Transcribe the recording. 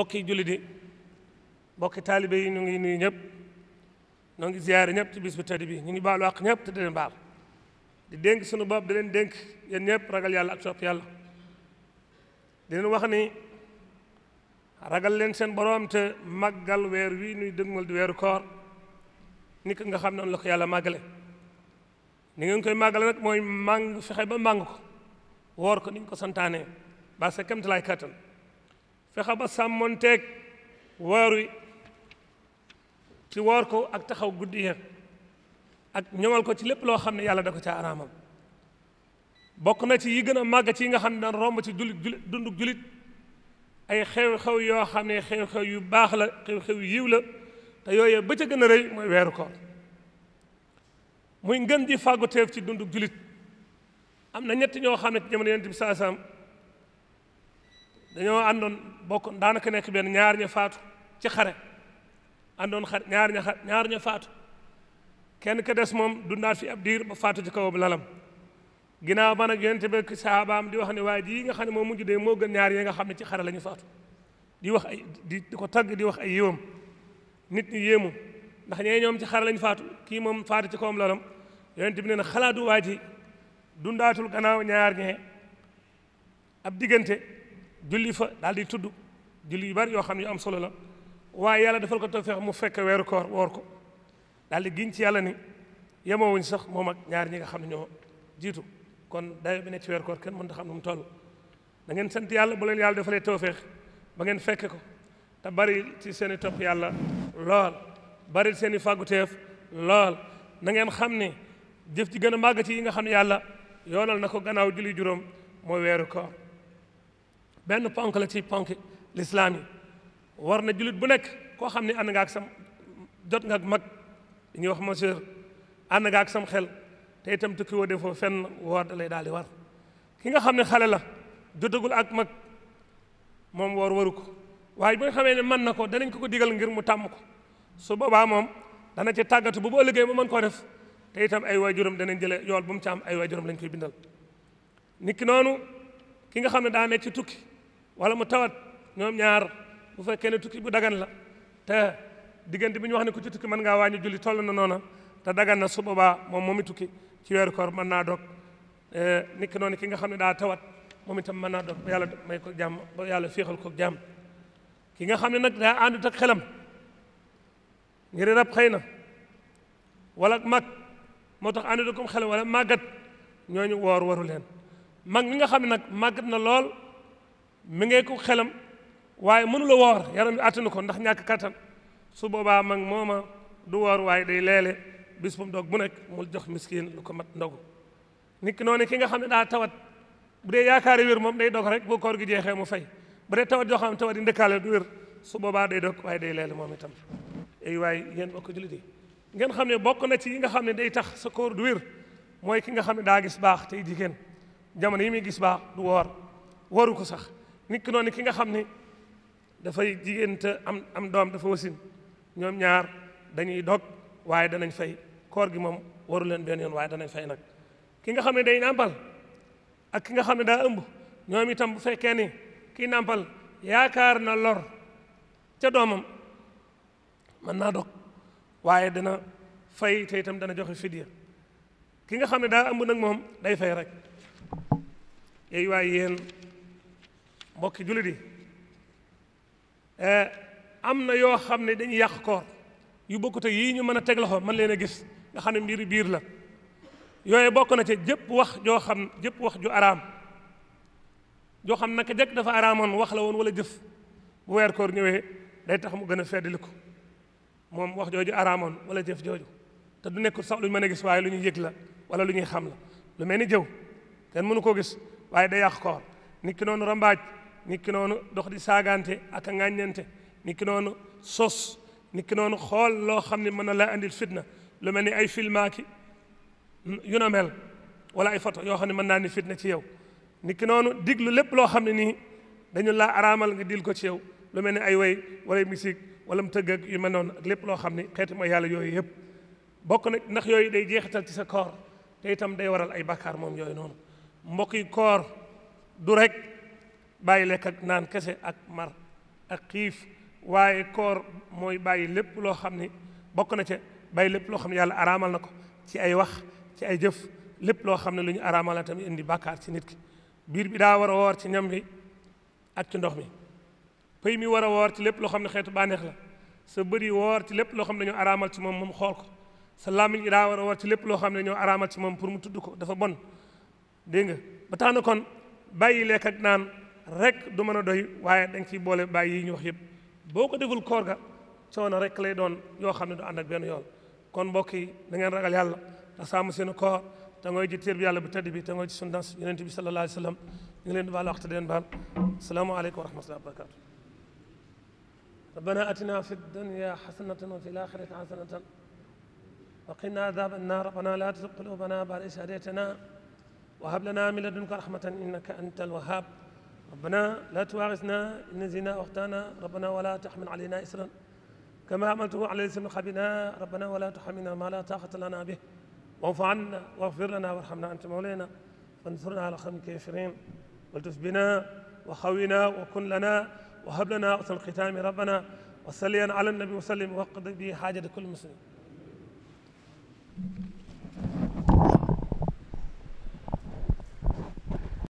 mbokki jullit yi mbokki taalibe yi ñu ngi nuyu ñëpp ñoo ngi ziyaare ñëpp ci bis bu tedd bi ñu ngi baalu àq ñëpp te di leen baal di dénk sunu bopp di leen dénk yéen ñëpp ragal yàlla ak sopp yàlla di leen wax ni ragal leen seen boroom te màggal weer wi nuy dëgmal di weeru koor ni nga xam ne la ko yàlla màggale ni ngeen koy màggale nag mooy màng fexe ba màng ko woor ko ni ko santaane ba sa kemtalaay kàttan fexe ba sàmmonteeg woor wi ci woor ko ak taxaw guddi ya ak ñoŋal ko ci lépp loo xam ne yàlla da ko ca araamal bokk na ci yi gën a màgg ci yi nga xam ne daan romb ci julit julit dunduk julit ay xew-xew yoo xam ne xew-xew yu baax la xew-xew yu yiw la te yooyee ba ca gën mooy weeru ko muy ngën ji fàggu teef ci dunduk julit am na ñetti ñoo xam ne ci jamono yonent bi saa dañoo àndoon bokk daanaka nekk benn ñaar ña faatu ci xare àndoon xar ñaar ña xar ñaar faatu kenn ka des moom dundaat fi ab diir ba faatu ci kawam lalam ginnaaw ba nag yonente bi saabaam di wax ne waaye jii nga xam ne moo mujj dee moo gën ñaar yi nga xam ne ci xare la ñu faatu di wax ay di ko tagg di wax ay yéwam nit ñi yéemu ndax ñee ñoom ci xare lañ faat kii moom faatu ci kawam lalam yonente bi nee na xalaatu waa ji dundaatul gannaaw ñaar ñee ab diggante julli fa daal di tudd julli yu bari yoo xam ne am solo la waaye yàlla defal ko tawfeex mu fekk weeru koor woor ko daal di giñ ci yàlla ni yemoowuñ sax moom mag ñaar ñi nga xam ne ñoo jiitu kon dayo bi ne ci weeru koor kenn mën ta xam nu mu toll da ngeen sant yàlla bu leen yàlla defalee tawfeex ba ngeen fekke ko te bari ci seen i topp yàlla lool bari seen i fàgguteef lool na ngeen xam ne jëf ci gën a màgg ci yi nga xam ne yàlla yoonal na ko gannaaw julli juróom mooy weeru koor benn ponk la ciy ponk lislaam war na jullit bu nekk koo xam ne ànd nga ak sam jot nga ak mag ñuy wax monsieur ànd ak sam xel te itam tukki woo defoo fenn woor da lay daal di war ki nga xam ne xale la jotagul ak mag moom woor waru ko waaye bu nga xamee ne mën na ko danañ ko ko digal ngir mu tàmm ko su boobaa moom dana ci tàggatu bu bu ëllëgee mu mën koo def te itam ay waajuram danañ jële yool bu mu ci am ay waajuram lañ koy bindal nit noonu ki nga xam ne daa ci tukki wala mu tawat ñoom ñaar bu fekkee ne tukki bu dagan la te diggante bi ñu wax ne ku ci tukki mën ngaa wàññi julli toll na noona te dagan na su boobaa moom moomi tukki ci weeru koor mën naa dog eh, niki noonu ki nga xam ne daa tawat moom itam mën naa dog ba yàlla may ko jàmm ba yàlla féexal ko jàmm ki nga xam ne nag daa àndut ak xelam ngir rab xëy na wala mag moo tax àndut ak xelam wala màggat ñooñu woor waru leen mag mi nga xam ne nag màggat na lool mi ngay ko xelam waaye mënula woor yaram bi àttanu ko ndax ñàkk kattan su boobaa mag mooma du woor waaye day leele bis bu mu doog bu nekk mu jox miskin lu ko mat ndogu nit ki noonu ki nga xam ne daa tawat bu dee yaakaari wér moom day dog rek bu koor gi jeexee mu fay bu dee tawat joo xam tawat yi ndëkkaale du wér su boobaa day dog waaye day leele moom tam ay waaye yéen bokk jullit yi ngeen xam ne bokk na ci yi nga xam ne day tax sa koor du wér mooy ki nga xam ne daa gis baax tey jigéen jamono yi muy gis baax du woor waru ko sax nit ki noonu ki nga xam ni dafay jigéen te am am doom dafa wasin ñoom ñaar dañuy dog waaye danañ fay koor gi moom waru leen benn yoon waaye danañ fay nag ki nga xam ne day nàmpal ak ki nga xam ne daa ëmb ñoom itam bu fekkee ni kii nàmpal yaakaar na lor ca doomam mën naa dog waaye dana fay te itam dana joxe fidiya ki nga xam ne daa ëmb nag moom day fay rek yooyu waaye yéen mbokki jullit yi eh, am na yoo xam ne dañuy yàq koor yu bokkute yii ñu mën a teg loxo man leen a gis nga xam ne mbiri biir la yooyu bokk na ci jëpp wax joo xam jëpp wax ju araam joo xam naka jëkk dafa araamoon wax la woon wala jëf bu weer koor ñëwee day tax mu gën a feddali ko moom wax jooju araamoon wala jëf jooju te du nekk sax lu ñu mën a gis waaye lu ñuy yëg la wala lu ñuy xam la lu mel ni jëw kenn mënu koo gis waaye day yàq koor nit niki noonu dox di saagante ak a ŋàññante niki noonu sos niki noonu xool loo xam ne mën na laa andil fitna lu mel ni ay filmaaki mm, yu na wala ay foto yoo xam ne mën naa ni fitna ci yow niki noonu diglu lépp loo xam ne ni dañu laa araamal nga dil ko ci yow lu mel ni ay way wala musique wala mu tëgg ak yu mel noonu ak lépp loo xam ne xeeti ma yàlla yooyu yëpp bokk na ndax yooyu day jeexital ci sa koor te itam day waral ay bakaar moom yooyu noonu mbokk koor du rek bàyyi lekk ak naan kese ak mar ak kiif waaye koor mooy bàyyi lépp loo xam ni bokk na ca bay lépp loo xam ne yàlla araamal na ko ci ay wax ci ay jëf lépp loo xam ne lu ñu araamal na tamit indi bàkkaar ci nit ki biir bi daa war a woor ci ñam bi ak ci ndox mi pëy mi war a woor ci lépp loo xam ne xeetu bànneex la sa bët yi woor ci lépp loo xam ne dañoo araamal ci moom moom xool ko sa làmmiñ yi daa war a woor ci lépp loo xam ne dañoo araamal ci moom pour mu tudd ko dafa bon dégg rek du mën a doy waaye da nga boole bàyyi yi ñu wax yëpp boo ko deful koor ga coono rek lay doon yoo xam ne du ànd ak benn kon mbokk yi da ngeen ragal yàlla te saamu seen koor te ngoy ji téer yàlla bu ta bi ta ngoy ci sunna yonent bi sallallahu alayhi wa sallam ñu ngi leen di baal waxtu di leen baal asalaamaaleykum wa rahmatullahi wa barakatu rabbana atina fi dunya xasanatan wa fi laxirati xasanatan wa qina adab annar rabbana la tuzig qulubana ba'da idh hadaytana wa hab lana min ladunka rahmatan innaka anta alwahhab ربنا لا تواعثنا إن نسينا أو أخطأنا ربنا ولا تحمل علينا إسرا كما حملته على الذين من قبلنا ربنا ولا تحملنا ما لا طاقة لنا به واعف عنا واغفر لنا وارحمنا أنت مولانا فانصرنا على القوم الكافرين والتف بنا وخونا وكن لنا وهب لنا حسن الختام ربنا وصلي على النبي وسلم واقض به حاجة كل مسلم